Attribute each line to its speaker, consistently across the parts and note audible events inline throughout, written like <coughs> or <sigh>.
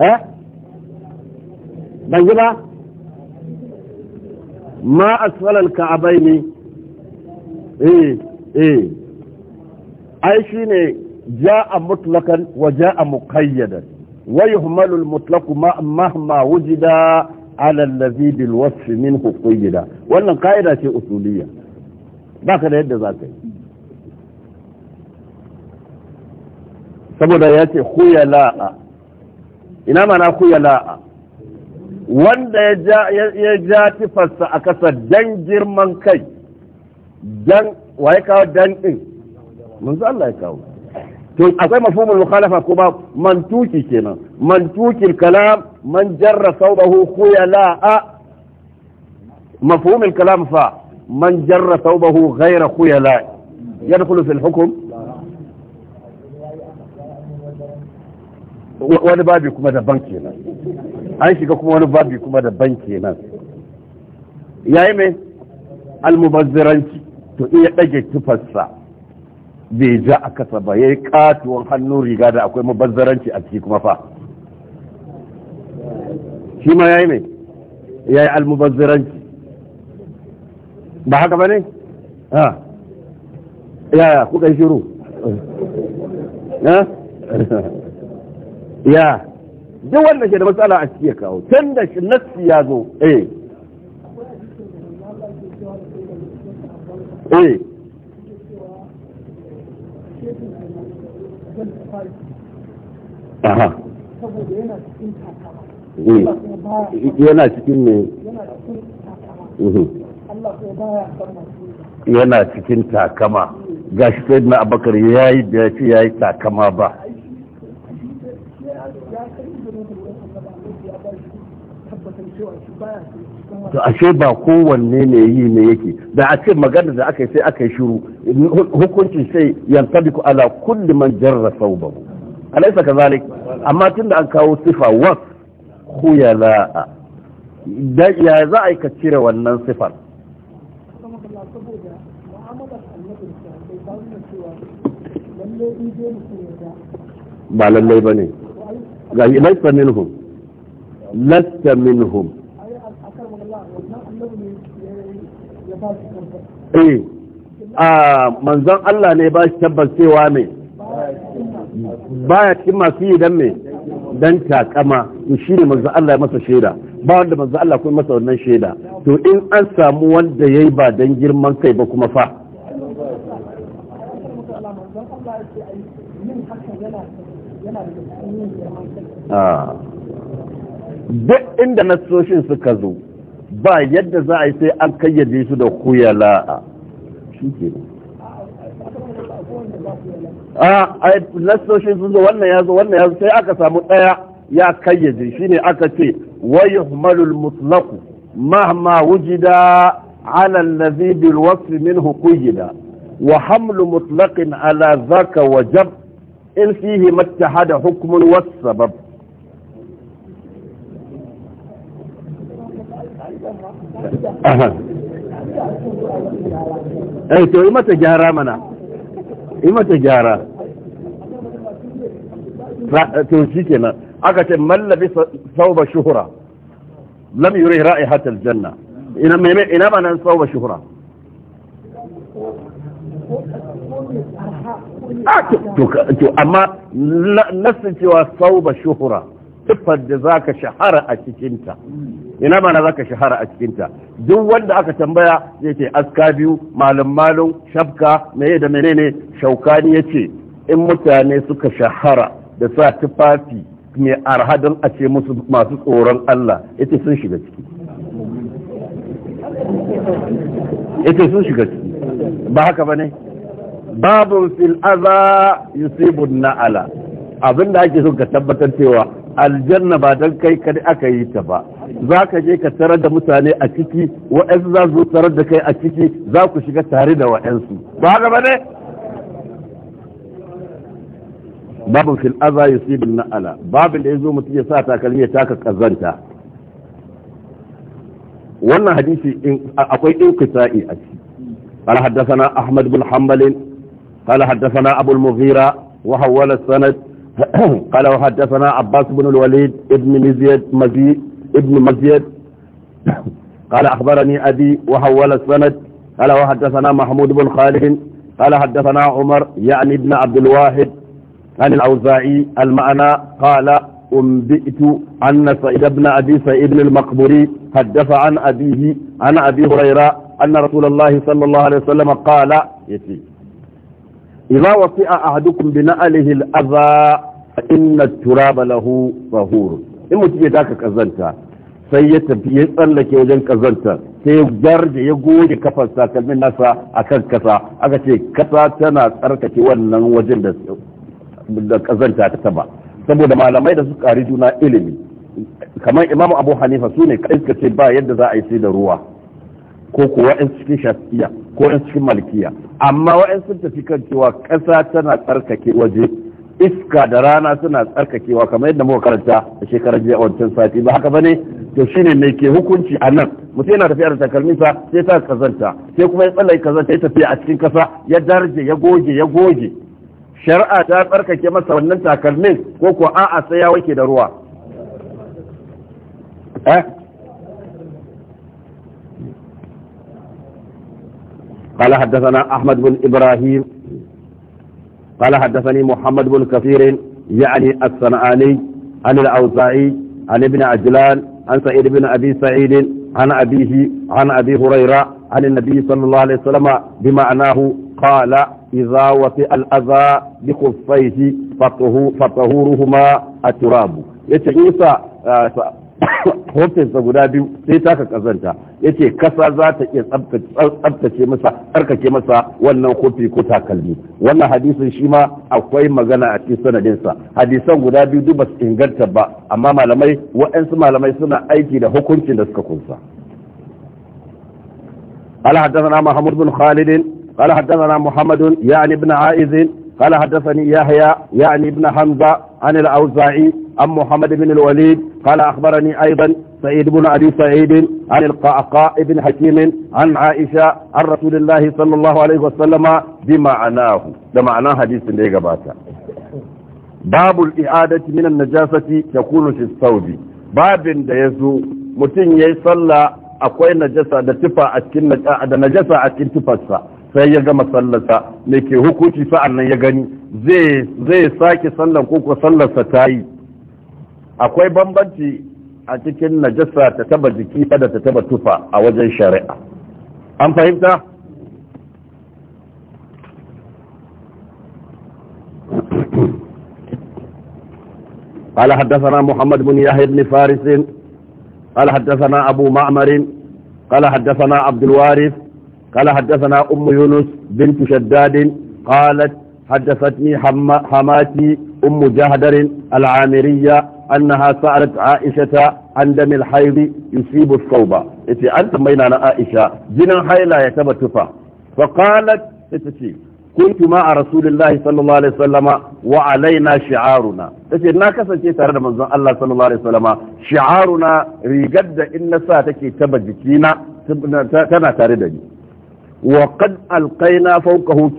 Speaker 1: eh ban ji ba ma asfalal ka'abai ne eh eh ai shine a mutlakan wa ja'a muqayyadan wa yuhmalu mutlaku mutlaqu mahma wujida ala allazi bil wasf minhu qayyida wannan kaida ce usuliya baka da yadda zaka yi saboda ya ce huyala'a ina mana ku ya la'a wanda ya ja tifarsa a kasa dan girman kai dan wa ya kawo dan mun manzo Allah ya kawo to akwai mafhumul mukhalafa kuma mantuki kenan mantukil kalam man jarra sawbahu khuyala'a mafhumul kalam fa man jarra sawbahu ghayra khuyala yadkhulu fil hukm wani babi kuma daban kenan an shiga kuma wani babi kuma daban kenan yayi mai almubazziranci to iya ɗage tufarsa bai ja a kasa ba ya yi katuwan hannun riga da akwai mubazziranci a ciki kuma fa shi ma ya yi mai ya yi almubazziranci ba haka ba ne? ha yaya kuka shiru? ha? <laughs> ya duk wanda ke da matsala a cikin kawo tun da shi nassi ya zo eh eh aha eh. yana cikin ne mhm. yana cikin takama Ga shi sai na abakar ya yi da ya ce ya yi takama ba
Speaker 2: to ashe ba
Speaker 1: kowanne ne yi ne yake da a ce magana da aka yi sai aka yi shiru hukuncin sai yantabiku ala kulli man jarra saubahu ka zalik amma da an kawo sifa was khuyala da ya za a yi ka cire wannan sifar ba lallai ba ne ga ilaisa minhum لست منهم eh a manzon Allah ne ba shi tabbacewa ne baya cikin masu yi dan mai dan takama shi ne manzo Allah ya masa shaida ba wanda manzo Allah kuma masa wannan shaida to in an samu wanda yayi ba dan girman kai ba kuma fa ah duk inda nasoshin suka zo ba yadda za a yi sai an kayyade su da kuyala'a a nasoshin sun zo wannan ya zo wannan ya zo sai aka samu ɗaya ya kayyade shi ne aka ce wai humalul mutlaku mahma wujida ala allazi bil wasf minhu qiyida wa hamlu mutlaqin ala zaka wajab in fihi mattahada hukmun was sabab eh to yi mata gyara mana yi mata gyara to shi kenan aka ce mallabi sauba shuhura lam yuri ra'ihat aljanna ina meme ina ba nan sauba shuhura to amma nasin cewa sauba shuhura tuffar da zaka shahara a cikinta ina ma na zaka shahara a cikinta duk wanda aka tambaya zai ce aska biyu malam malum shafka meye da menene shaukani ya ce in mutane suka shahara da sa tufafi mai arha don a ce musu masu tsoron Allah yace sun shiga ciki yace sun shiga ciki ba haka bane babun fil yusibun na'ala abinda ake so ka tabbatar cewa aljanna ba don kai kadai aka yi ta ba za ka je ka tarar da mutane a ciki wa'ansu za su tarar da kai a ciki za ku shiga tare da wa'ansu ba haka ba ne babin fil aza yusibin na'ala babin da ya zo mutum ya sa takalmi ya taka kazanta wannan hadisi akwai inkisa'i a ciki قال حدثنا أحمد بن حنبل قال حدثنا أبو المغيرة وحول السند <coughs> قال وحدثنا عباس بن الوليد ابن مزيد مزيد ابن مزيد <coughs> قال أخبرني أبي وحول السند قال وحدثنا محمود بن خالد قال حدثنا عمر يعني ابن عبد الواحد عن الأوزاعي المعنى قال أنبئت أن سعيد بن أبي سعيد المقبري حدث عن أبيه عن أبي هريرة أن رسول الله صلى الله عليه وسلم قال يتلي. idza wasi'a ahadukum bi na'alihi al-adha fa inna turaba lahu tahur in mutum ya taka kazanta sai ya tafi ya tsallake wajen kazanta sai garje ya goge kafar takalmin nasa akan kasa aka ce kasa tana tsarkake wannan wajen da da kazanta ta taba saboda malamai da suka kari juna ilimi kamar imamu abu hanifa su ne kai ce ba yadda za a yi da ruwa ko kuwa in cikin shafiya ko 'yan cikin malkiya amma wa'in sun tafi kan cewa ƙasa tana tsarkake waje iska da rana suna tsarkakewa kamar yadda muka karanta a shekarar jiya wancan sati ba haka bane to shine mai ke hukunci a nan mutum yana tafiya da takalminsa sai ta kazanta sai kuma ya tsallai kazanta ya tafiya a cikin kasa ya darje ya goge ya goge shari'a ta tsarkake masa wannan takalmin ko ko a'a sai ya wake da ruwa eh? قال حدثنا أحمد بن إبراهيم قال حدثني محمد بن كثير يعني الصنعاني عن الأوزاعي عن ابن عجلان عن سعيد بن أبي سعيد عن أبيه عن أبي هريرة عن النبي صلى الله عليه وسلم بمعناه قال إذا وطئ الأذى بخفيه فطهورهما التراب يتعيسى kofinsa guda biyu sai taka kazanta yace kasa za ta iya tsabtace masa tsarkake masa wannan kofi ko takalmi wannan hadisin shi ma akwai magana a cikin sanadinsa hadisan guda biyu duk ba su inganta ba amma malamai waɗansu malamai suna aiki da hukuncin da suka kunsa قال حدثنا محمد بن خالد قال حدثنا محمد قال حدثني يحيى يعني ابن حمزة عن الأوزاعي عن محمد بن الوليد قال أخبرني أيضا سعيد بن أبي سعيد عن القعقاء بن حكيم عن عائشة عن رسول الله صلى الله عليه وسلم بمعناه ده معناه حديث اللي قباتا باب الإعادة من النجاسة تكون في الثوب باب ده يزو متين يصلى أقوى النجاسة ده تفا أتكين نجاسة أتكين تفا sai ya gama sallarsa mai ke hukunci sa'an nan ya gani zai sake sallar ko sallarsa ta yi akwai bambanci a cikin najasa ta taba jiki da ta taba tufa a wajen shari'a an fahimta <clears throat> قال حدثنا محمد بن يحيى بن فارس قال حدثنا ابو معمر قال حدثنا عبد الوارث قال حدثنا أم يونس بنت شداد قالت حدثتني حماتي أم جهدر العامرية أنها سألت عائشة عن دم الحيض يصيب الصوبة إتي أنت مينانا عائشة جنا حيلا يتبتفا فقالت إتي كنت مع رسول الله صلى الله عليه وسلم وعلينا شعارنا إتي ناكسا تي ترد من الله صلى الله عليه وسلم شعارنا ريقد إن ساتك تبجكينا تنا تردني wa qad alqaina fawqahu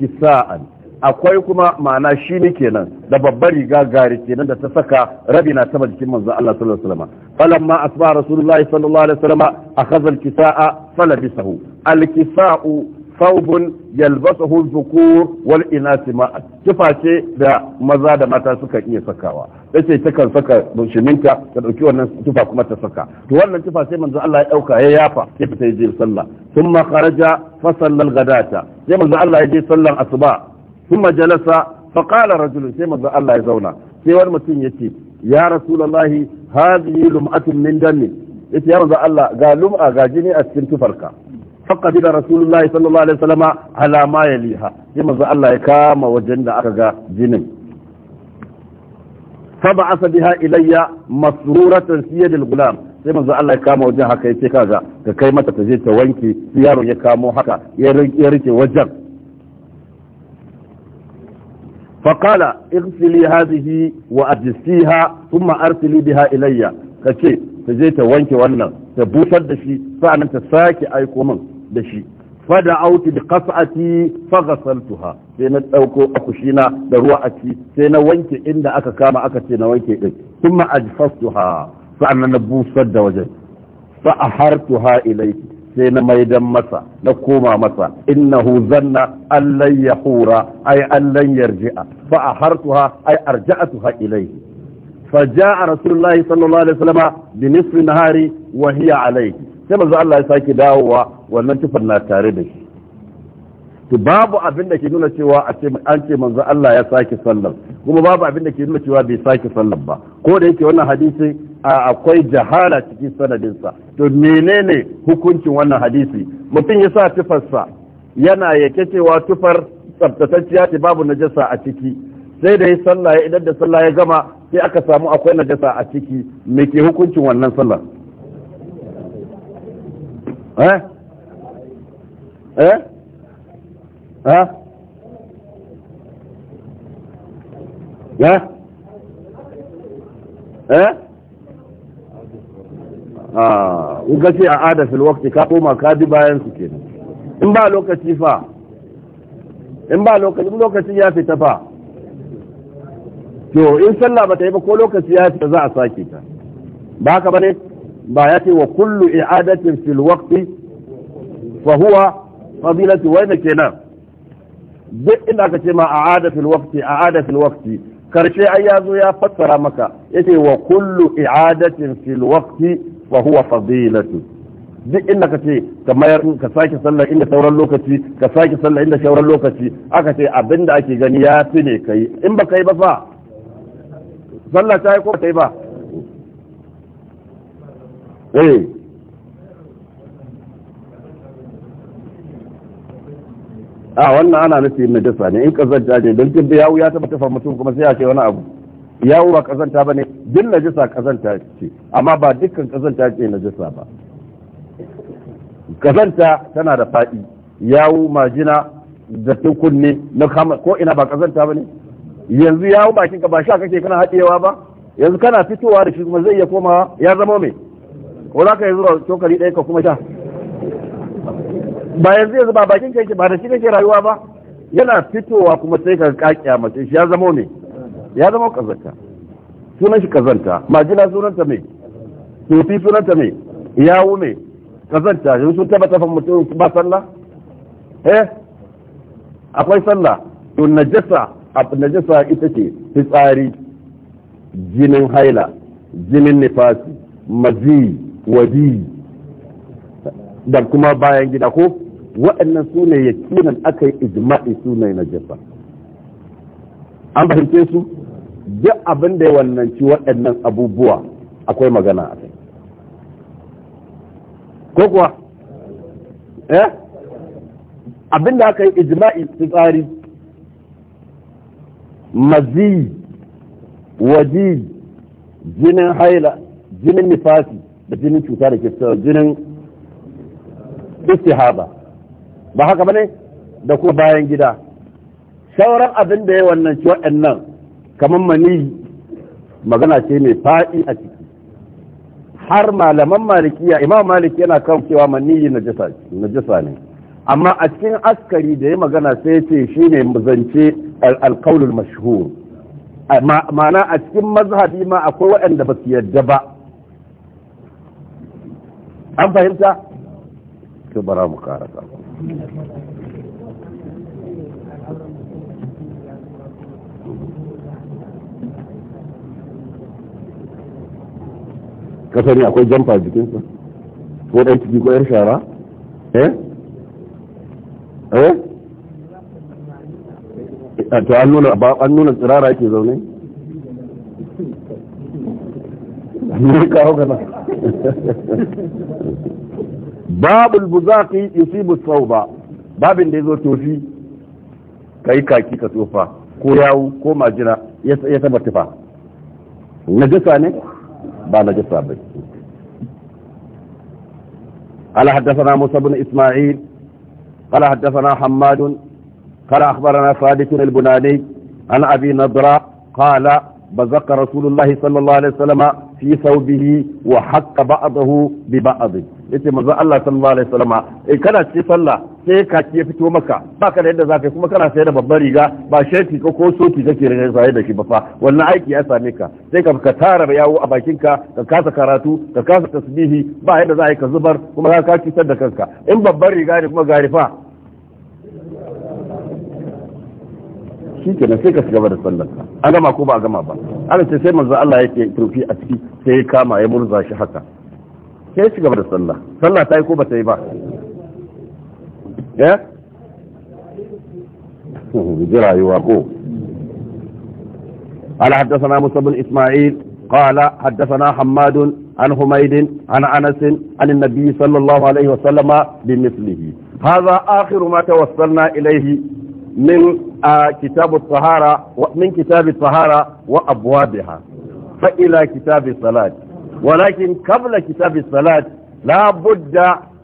Speaker 1: akwai kuma ma'ana shi ne kenan da babbar riga gari kenan da ta saka rabi na sama jikin manzon Allah sallallahu alaihi wasallam falamma asbaha rasulullahi sallallahu alaihi wasallam akhadha alkisaa falabisahu alkisaa'u thawbun yalbasuhu dhukur wal inas ma'a kiface da maza da mata suka iya sakawa ta ce ta kan saka shiminta ta ɗauki wannan tufa kuma ta saka to wannan tufa sai manzo Allah ya ɗauka ya yafa ya fita ya je sallah Sun makaraja fasallar sallal ghadata sai manzo Allah ya je sallan asuba Sun jalasa fa qala rajulun sai manzo Allah ya zauna sai wani mutum ya ce ya rasulullahi hadhihi lum'atun min dami yace ya manzo Allah ga lum'a ga jini a cikin tufarka فقد رسول الله صلى الله عليه وسلم على ما يليها sai manzo Allah ya kama wajen da aka ga jinin fa ba'asa biha ilayya masruratan fi sai manzo Allah ya kama wajen haka yace kaga ka kai mata ta je ta wanke yaro ya kamo haka ya rike wajen فقال اغسلي هذه وأجسيها ثم biha ilayya إلي كشي taje ta wanke wannan ta busar da shi sa'annan ta sake aiko min da shi fada auti da kasati fagasaltuha sai na ɗauko akushina da ruwa a ci sai na wanke inda aka kama aka ce na wanke ɗin kuma ajfastuha sa'annan na busar da wajen fa ahartuha ilai. sai na maidan masa na koma masa innahu zanna allan yahura Ai allan yarji'a fa ahartuha ay arja'atuha ilayhi فجاء رسول الله صلى الله عليه وسلم بنصف النهار وهي عليه sai manzo Allah ya sake dawowa wannan tufar na tare da shi to babu abin da ke nuna cewa a ce an ce manzo Allah ya sake sallar kuma babu abin da ke nuna cewa bai sake sallar ba ko da yake wannan hadisi akwai jahala cikin sanadinsa to menene hukuncin wannan hadisi mutum ya sa tufarsa yana yake cewa tufar tsaftatacciya ce babu najasa a ciki sai da ya sallah idan da sallah ya gama sai aka samu akwai najasa a ciki me ke hukuncin wannan sallar eh eh, eh? ka ce a ada fil ka koma ka bi bayan su kenan in ba lokaci fa in ba lokaci lokacin ya fita fa to in sallah ba ta yi ba ko lokaci ya fita za a sake ta ba haka bane ba ya ce wa kullu i'adatin fil waqti fa fadilati wai kenan duk inda aka ce ma a fil waqti a fil waqti karshe ai ya zo ya fassara maka yace wa kullu i'adatin fil waqti wa huwa fadilatu duk inda ka ce ka mayar ka sake sallah inda sauran lokaci ka sake sallah inda sauran lokaci aka ce abinda ake gani ya fi ne kai in ba kai ba fa sallah ta yi ko ba kai ba eh a wannan ana nufi mai dasa ne in kazanta ne don tun yawu ya taba tafa mutum kuma sai ya ce wani abu yawu ba kazanta ba ne na jisa kazanta ce amma ba dukkan kazanta ce jisa ba kazanta tana da faɗi yawu majina da kunne na kama ko ina ba kazanta ba ne yanzu yawu bakin ka ba sha kake kana haɗewa ba yanzu kana fitowa da shi kuma zai iya komawa ya zama mai ko za ka yi zuwa cokali ɗaya ka kuma sha ba yanzu yanzu ba bakin kai ba da shi kake rayuwa ba yana fitowa kuma sai ka kakiya mace shi ya zama ne ya zama kazanta sunan shi kazanta majina sunanta me sunan sunanta me yawo me kazanta yanzu sun taba tafan mutum ba sallah eh akwai sallah to najasa najasa ita ce fitsari jinin haila jinin nifasi mazi wadi da kuma bayan gida ko waɗannan su ne yakinan aka yi ijma'i su na jefa an fahimce su duk abin da ya wannanci waɗannan abubuwa akwai magana a kai ko kuwa eh abin da aka yi ijma'i tsari mazi waji jinin haila jinin nifasi da jinin cuta da ke jinin istihaba ba haka bane da kuma bayan gida sauran abin da ya wannan ci waɗannan kamar mani magana ce mai faɗi a ciki har malaman malikiya imam maliki yana kan cewa na najasa ne amma a cikin askari da ya magana sai ya ce ne zance alkaulul mashhur ma'ana a cikin mazhabi ma akwai waɗanda ba su yadda ba an fahimta bara mu kasa ne akwai jamfa jikinsa ko ɗan ciki ko 'yan shara eh eh to an nuna ba an nuna tsirara yake zaune <laughs> ne kawo gana <laughs> babul buzaqi yusibu sauba babin da yazo tofi kai kaki ka tsofa ko yawu ko majina ya taba tufa najasa ne ba najasa ba قال حدثنا موسى بن إسماعيل قال hamadun حماد قال أخبرنا صادق البناني عن أبي نضرة قال بزق رسول الله صلى الله عليه وسلم في ثوبه وحق بعضه ببعض yace manzo Allah sallallahu alaihi wasallam eh kana ce sallah sai ka ya fito maka Ba ka da yadda zaka kuma kana sayar da babbar riga ba sheti ko ko soti kake sayar da shi ba fa wannan aiki ya same ka sai ka ka tara yawo a bakin ka ka kasa karatu ka kasa tasbihi ba yadda za ka zubar kuma ka ka da kanka in babbar riga ne kuma garifa shi kenan sai ka gaba da sallar ka an gama ko ba a gama ba ana ce sai manzo Allah yake turfi a ciki sai ya kama ya murza shi haka sai ya gaba da sallah sallah ta yi ko ba ta yi ba ya eh? <laughs> ji rayuwa ko قال حدثنا موسى بن اسماعيل قال حدثنا حماد عن حميد عن انس عن النبي صلى الله عليه وسلم بمثله هذا اخر ما توصلنا اليه من آه، كتاب الطهارة من كتاب الطهارة وأبوابها فإلى كتاب الصلاة ولكن قبل كتاب الصلاة لا بد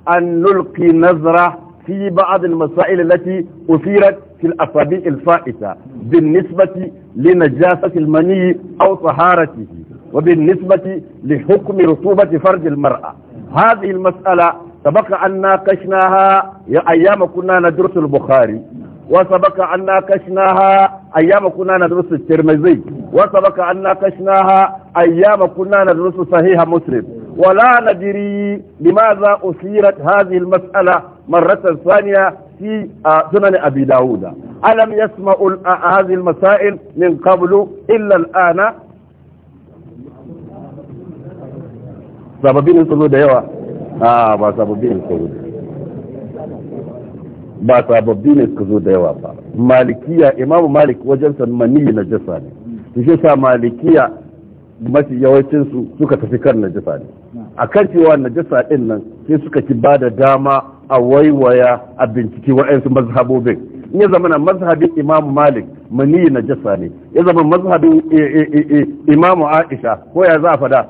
Speaker 1: أن نلقي نظرة في بعض المسائل التي أثيرت في الأسابيع الفائتة بالنسبة لنجاسة المني أو طهارته وبالنسبة لحكم رطوبة فرج المرأة هذه المسألة سبق أن ناقشناها أيام كنا ندرس البخاري وسبك ان كشناها أيام كنا ندرس الترمذي وسبك ان كشناها أيام كنا ندرس صحيح مسلم ولا ندري لماذا أثيرت هذه المسألة مرة ثانية في آه، سنن أبي داود ألم يسمعوا آه، هذه المسائل من قبل إلا الآن سببين sun ايوه آه yawa a ba sababbi ne suka zo da yawa ba malikiya imamu malik wajen san na jasa ne su shi sa malikiya mafi yawancinsu suka tafi kan na jasa ne a kan cewa na jasa din nan sai suka ci ba da dama a waiwaya a bincike wa'yansu mazhabobin ya zama na mazhabin imamu malik mani na jasa ne ya zama mazhabin eh, eh, eh, imamu aisha ko ya za fada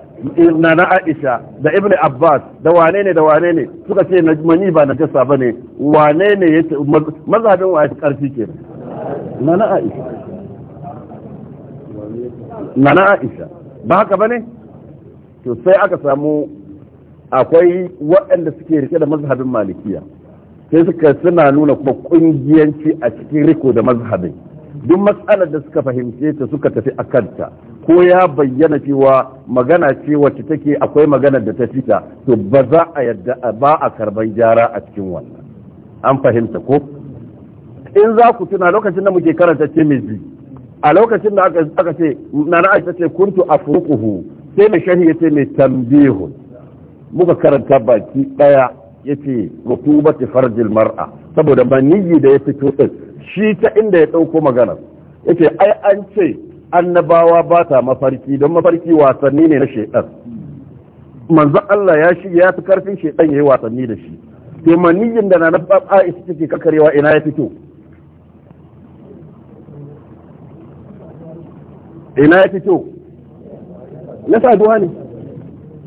Speaker 1: na na aisha da ibn abbas da wane ne da wane ne suka ce mani ba na jasa ba ne wane ne ya mazhabin wa ya karfi ke na na aisha na na aisha ba haka ba ne to sai aka samu akwai waɗanda suke rike da mazhabin malikiya sai suka suna nuna kuma kungiyanci a cikin riko da mazhabin duk matsalar da suka fahimce ta suka tafi a kanta ko ya bayyana cewa magana ce wacce take akwai magana da ta fita to ba za a yadda ba a karban gyara a cikin wannan an fahimta ko in za ku tuna lokacin da muke karanta timizi a lokacin da aka ce nana aisha ce kuntu afruquhu sai mai ya ce mai tambihu muka karanta baki ɗaya. yace rutubati farjil mar'a saboda maniyyi da ya fito din shi ta inda ya dauko magana yace ai an ce annabawa ba ta mafarki don mafarki wasanni ne na shedan manzo Allah ya shi ya fi karfin shedan yayi wasanni da shi to maniyyin da na na Aisha take kakarewa ina ya fito ina ya fito na saduwa ne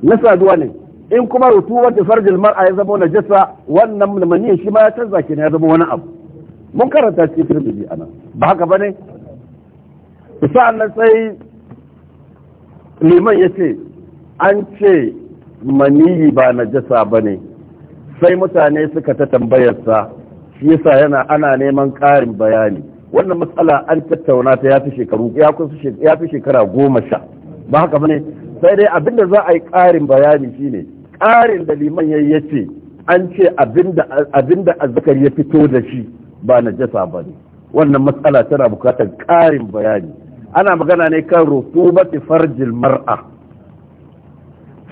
Speaker 1: na saduwa ne in kuma rutu da farjil mar'a ya zama jasa, wannan maniyin shi ma ya canza kenan ya zama wani abu mun karanta cikin tirmidhi ana ba haka bane sa'an nan sai liman ya ce an ce maniyi ba na ba ne. sai mutane suka ta tambayarsa shi yasa yana ana neman ƙarin bayani wannan matsala an tattauna ta ya fi shekaru ya fi shekara goma sha ba haka bane sai dai abinda za a yi ƙarin bayani shine ƙarin da liman ya yace an ce abinda azzakar ya fito da shi ba na jasa ba ne wannan matsala tana bukatar ƙarin bayani ana magana ne kan rutubati farjil mar'a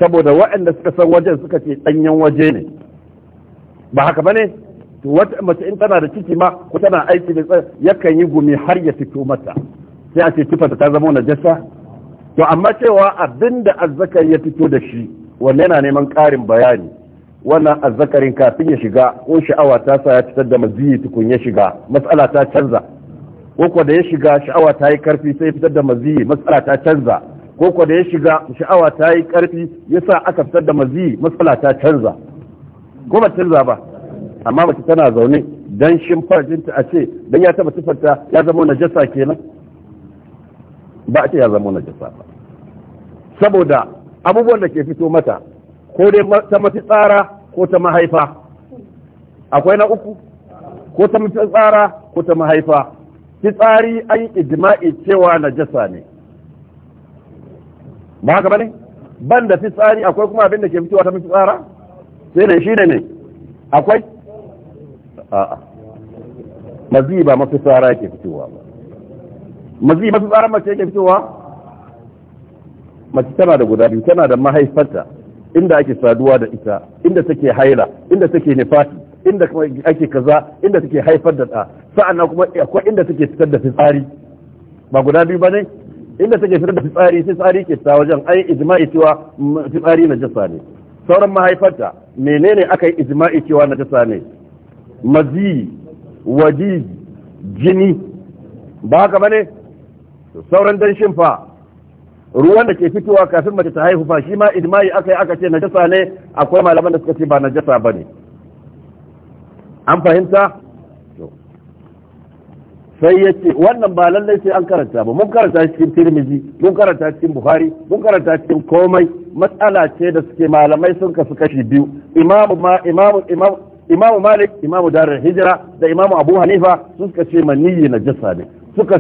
Speaker 1: saboda waɗanda suka san wajen suka ce ɗanyen waje ne ba haka ba ne wata mace in tana da ciki ma ko tana aiki da tsaye yakan yi gumi har ya fito mata sai a ce tufa ta zama jasa? to amma cewa abinda azzakar ya fito da shi wanne yana neman ƙarin bayani wannan azzakarin kafin ya shiga ko sha'awa ta sa ya fitar da maziyi tukun ya shiga matsala ta canza ko kuwa da ya shiga sha'awa ta yi karfi sai fitar da maziyi matsala ta canza ko kuwa da ya shiga sha'awa ta yi karfi ya sa aka fitar da maziyi matsala ta canza ko ba canza ba amma mace tana zaune dan shin farjinta a ce dan ya taba tufarta ya zama najasa kenan ba a ce ya zama najasa ba saboda abubuwan da ke fito mata ko dai ta tsara ko ta mahaifa akwai na uku ko ta tsara ko ta mahaifa fitsari an yi ijma'i cewa jasa ne ba haka bane ban da fitsari akwai kuma abin da ke fitowa ta tsara? sai ne shi ne ne akwai a'a mazi ba tsara ke fitowa ba mazi tsara mace ke fitowa mace tana da guda biyu tana da mahaifarta inda ake saduwa da ita inda take haila inda take nifasi inda ake kaza inda take haifar da ɗa sa'annan kuma akwai inda take fitar da fitsari ba guda biyu ba ne inda take fitar da fitsari sai tsari ke ta wajen ai ijma'i cewa fitsari na jasa ne sauran mahaifarta menene aka yi ijma'i cewa na jasa ne mazi waji jini ba haka ba ne sauran danshin fa ruwan da ke fitowa kafin mace ta haihu fa shi ma ijma'i aka yi aka ce najasa ne akwai malaman da suka ce ba najasa bane an fahimta sai ya ce wannan ba lallai sai an karanta ba mun karanta cikin tirmizi mun karanta cikin buhari mun karanta cikin komai matsala ce da suke malamai sun kasu kashi biyu imamu ma imamu imamu imamu malik imamu darar hijira da imamu abu hanifa sun suka ce maniyyi najasa ne suka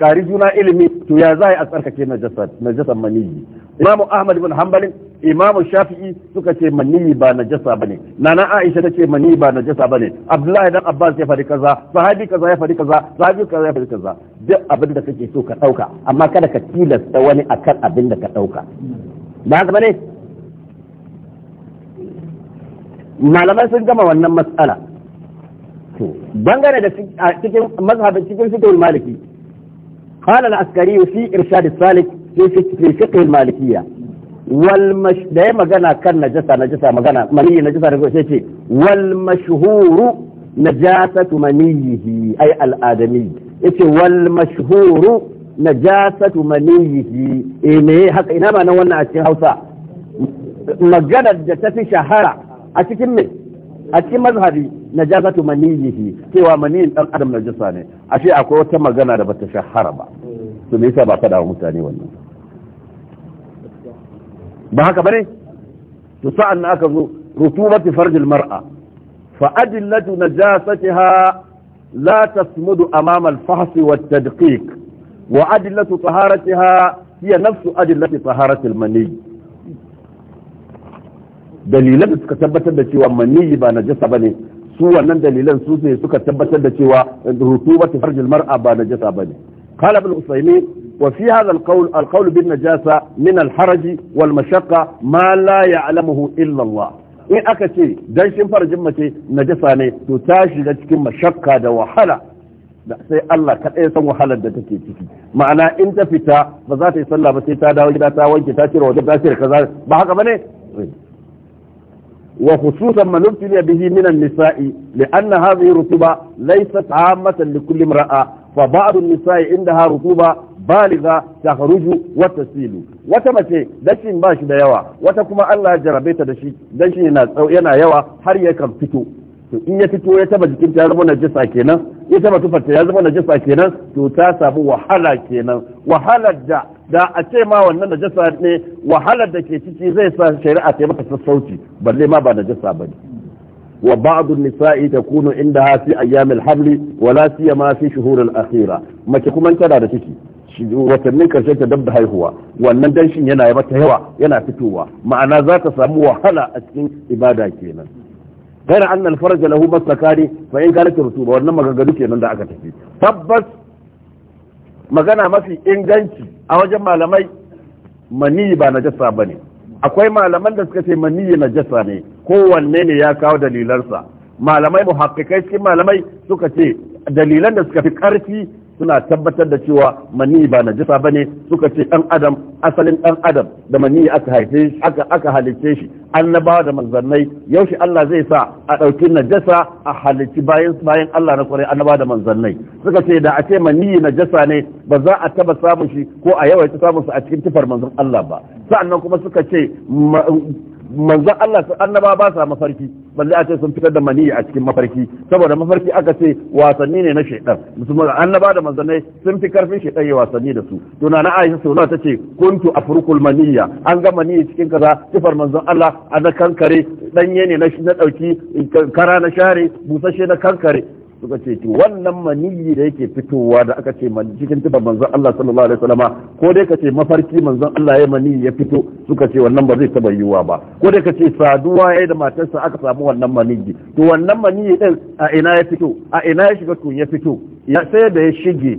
Speaker 1: kari juna ilimi to ya za a tsarkake jasa maniyi imamu ahmad bin hanbalin imamu shafi'i suka ce maniyi ba najasa bane nana aisha ta ce maniyi ba najasa bane abdullahi dan abbas ya faɗi kaza sahabi kaza ya faɗi kaza sahabi kaza ya faɗi kaza duk abin da kake so ka ɗauka amma kada ka tilasta wani akan abin da ka ɗauka ba haka bane malamai sun gama wannan matsala to dangane da cikin mazhabin cikin fiqhul maliki qala al-askari fi irshad salik fi fiqh malikiyya wal da ya magana kan najasa najasa magana mani najasa da sai ce wal mashhuru najasatu manihi ay al adami yace wal mashhuru najasatu manihi eh me haka ina ma nan wannan a cikin Hausa maganar da ta fi shahara a cikin mai a cikin mazhabi najasatu maniyihi cewa maniyin dan adam najasa ne ashe akwai wata magana da bata shahara ba to me yasa ba faɗa wa mutane wannan ba haka bane to sa'an na aka zo rutubati farjil mar'a fa adillatu najasatiha la tasmudu amama al-fahs wa at-tadqiq wa adillatu taharatiha hiya nafsu adillati taharati al-maniy dalilan da suka tabbatar da cewa maniyyi ba najasa ne su wannan dalilan su ne suka tabbatar da cewa rutubatu farjil mar'a ba najasa bane qala ibn usaymin wa fi hadha al-qawl bin najasa min al wal mashaqqa ma la ya'lamuhu illa Allah in aka ce danshin farjin mace najasa ne to ta shiga cikin mashakka da wahala da sai Allah kaɗai san wahalar da take ciki ma'ana in ta fita ba za ta yi sallah ba sai ta dawo gida ta wanke ta cire wajen ta cire kaza ba haka ne. وخصوصا ما نبتلي به من النساء لأن هذه الرطوبة ليست عامة لكل امرأة فبعض النساء عندها رطوبة baliga ta haruju wata silu wata mace dashin bashi da yawa wata kuma Allah ya da shi dashin yana yawa har ya fito in ya fito ya taba jikin ta zama najasa kenan ya taba tufarta ya zama najasa kenan to ta samu wahala kenan wahalar da da a ce ma wannan najasa ne wahalar da ke ciki zai sa shari'a ta mata sassauci balle ma ba najasa bane wa ba'd nisai takunu kunu fi ayyam ayyami haml wa la siyama fi shuhur akhira mace kuma tana da ciki watannin karshen ta dab da haihuwa wannan danshin yana mata yawa yana fitowa ma'ana za ta samu wahala a cikin ibada kenan غير أن الفرج له مسكاني فإن كانت رطوبة وإنما kenan da aka tafi. tabbas magana mafi inganci a wajen malamai maniyi ba najasa ba ne akwai malaman da suka ce maniyi najasa ne kowanne ne ya kawo dalilansa malamai muhakkikai cikin malamai suka ce dalilan da suka fi ƙarfi suna tabbatar da cewa mani ba na ba ne suka ce ɗan adam asalin ɗan adam da mani aka haife shi aka aka halice shi annabawa da manzannai yaushe Allah zai sa a ɗauki najasa a halici bayan Allah na kwarai annabawa da manzannai suka ce da a ce mani najasa ne ba za a taba samun shi ko a yawaita samun su a cikin tufar manzon Allah ba sa'annan kuma suka ce manzon Allah su annaba ba sa mafarki balle a ce sun fitar da maniyi a cikin mafarki saboda mafarki aka ce wasanni ne na shaidan musamman annaba da manzanai sun fi karfin shaidan ya wasanni da su Tuna na Aisha sallallahu ta ce kuntu afrukul maniyya an ga maniyi cikin kaza sifar manzon Allah a kankare danye ne na dauki kara na share busasshe na kankare suka ce to wannan maniyyi da yake fitowa da aka ce man cikin tuba manzon Allah sallallahu alaihi wasallama ko dai ka ce mafarki manzon Allah ya maniyyi ya fito suka ce wannan ba zai taba yiwuwa ba ko dai ka ce saduwa yayi da matarsa aka samu wannan maniyyi to wannan maniyyi din a ina ya fito a ina ya shiga tun ya fito sai da ya shige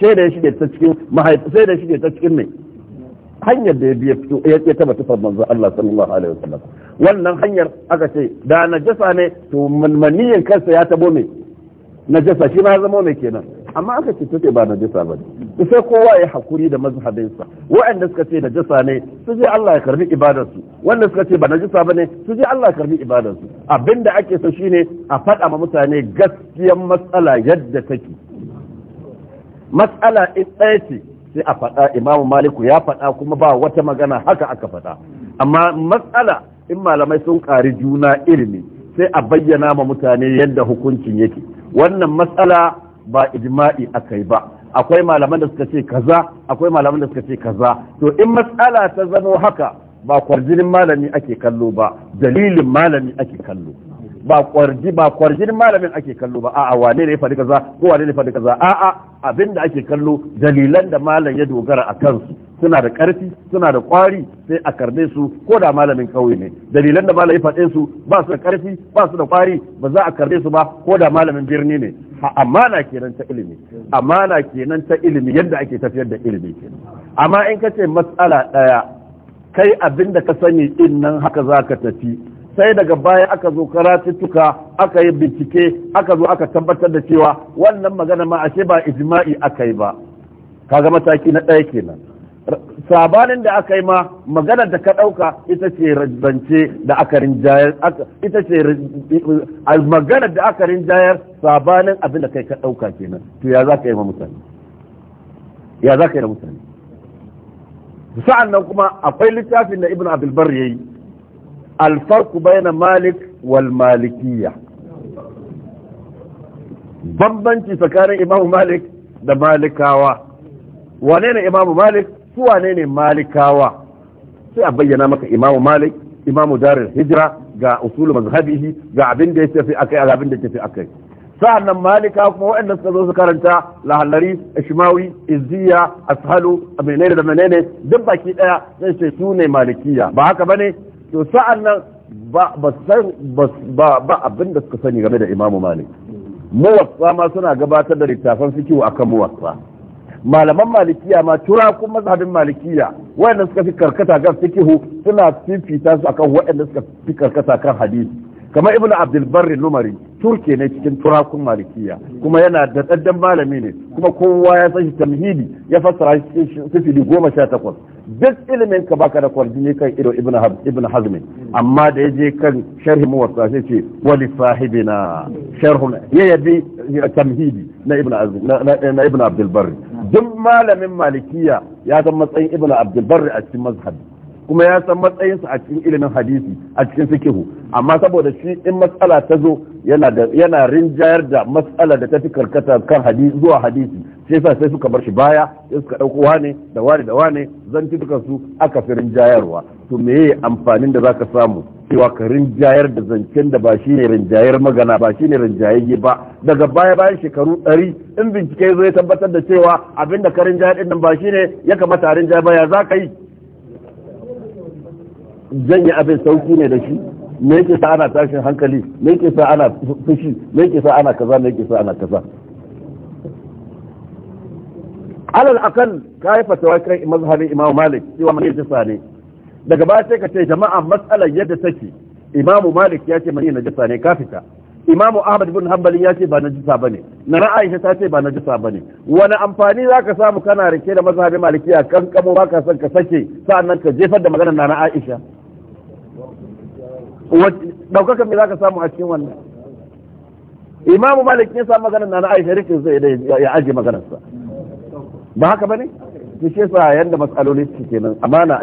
Speaker 1: sai da ya shige ta cikin mahaifa sai da ya shige ta cikin mai hanyar da ya biya fito ya taba tufar manzo Allah sallallahu alaihi wasallam wannan hanyar aka ce da najasa ne to maniyin kansa ya tabo mai. najasa shi ma ya zama mai kenan amma aka ce take ba najasa ba sai kowa ya hakuri da mazhabinsa waɗanda suka ce najasa ne su je Allah ya karbi ibadarsu wanda suka ce ba najasa ba ne su je Allah ya karbi ibadarsu abinda ake so shine a faɗa ma mutane gaskiyar matsala yadda take matsala in ɗaya ce sai a faɗa imamu maliku ya faɗa kuma ba wata magana haka aka faɗa amma matsala in malamai sun ƙari juna ilimi sai a bayyana ma mutane yadda hukuncin yake wannan matsala ba ijma'i akai ba akwai malaman da suka ce kaza akwai malaman da suka ce kaza to in matsala ta zano haka ba kwarjinin malami ake kallo ba dalilin malami ake kallo ba kwarji ba kwarjin malamin ake kallo ba a'a wane ne faɗi kaza ko wane ne faɗi kaza a'a abin da ake kallo dalilan da malam ya dogara a kansu suna da ƙarfi suna da ƙwari sai a karbe su ko da malamin kauye ne dalilan da malam ya faɗe su ba su da ƙarfi ba su da ƙwari ba za a karbe su ba ko da malamin birni ne amana kenan ta ilimi amana kenan ta ilimi yadda ake tafiyar da ilimi kenan amma in ka ce matsala ɗaya kai abin da ka sani in nan haka za ka tafi sai daga baya aka zo karatuttuka aka yi bincike aka zo aka tabbatar da cewa wannan magana ma ashe ba ijma'i aka yi ba kaga mataki na ɗaya kenan sabanin da aka yi ma magana da ka ɗauka ita ce rajbance da aka rinjayar ita ce magana da aka rinjayar sabanin abin da kai ka ɗauka kenan to ya za ka yi ma mutane ya za ka yi da mutane sa'an nan kuma akwai littafin da ibn abdulbar ya yi alfarku bayan malik wal malikiya bambanci tsakanin imamu malik da malikawa wane ne imamu malik su wane ne malikawa sai a bayyana maka imamu malik imamu darin hijira ga usul mazhabihi ga abin da ya tafi akai ga abin da ya tafi akai sa'annan malika kuma waɗanda suka zo su karanta lahallari ishmawi izziya ashalu menene da menene duk baki daya zai ce su ne malikiya ba haka bane to sa'an nan ba abinda suka sani game da imamu malik muwatsa ma suna gabatar da littafan fikihu akan muwatsa malaman malikiya ma tura kuma mazhabin malikiya wayanda suka fi karkata kan fikihu suna fifita su akan wayanda suka fi karkata kan hadisi kamar ibnu abdul barri lumari turke ne cikin turakun malikiya kuma yana da tsaddan malami ne kuma kowa ya san shi tamhidi ya fassara shi sifili goma sha takwas duk ilimin ka baka da kwarjini kan ido ibn hazmi amma da ya je kan sharhi muwassa sai ce wali sahibina sharhun ya yabi tamhidi na ibn na ibn abdul barri duk malamin malikiya ya san matsayin ibn abdul barri a cikin mazhabi kuma ya san matsayinsa a cikin ilimin hadisi a cikin fikihu amma saboda shi in matsala ta zo yana rinjayar da matsala da ta fi karkata kan hadisi zuwa hadisi sai sa sai suka bar shi baya sai suka dauko wane da wane da wane zantukan su aka fi rinjayarwa to meye amfanin da zaka samu cewa ka rinjayar da zancen da ba shine rinjayar magana ba shine rinjayayye ba daga baya bayan shekaru ɗari in bincike zo ya tabbatar da cewa abinda ka rinjayar ɗin ba shine ya kamata rinjayar ba ya za yi Zan yi abin sauki ne da shi me yake sa ana tashin hankali me yake sa ana fushi me yake sa ana kaza me yake sa ana kaza alal akal ka yi fatawa kan mazhabin imam malik cewa mani jisa ne daga baya sai ka ce jama'a matsalar yadda take imam malik ya ce mani najisa ne ka fita imam ahmad bin hanbali ya ce ba najisa bane na aisha ta ce ba najisa bane wani amfani zaka samu kana rike da mazhabin malikiya kan kamo baka son ka sake sa'annan ka jefar da maganar na aisha daukaka me zaka samu a cikin wannan imamu malik ne samu maganar na aisha rikin zai ya aje maganarsa ba haka ba ne shi yasa yanda matsaloli suke kenan amana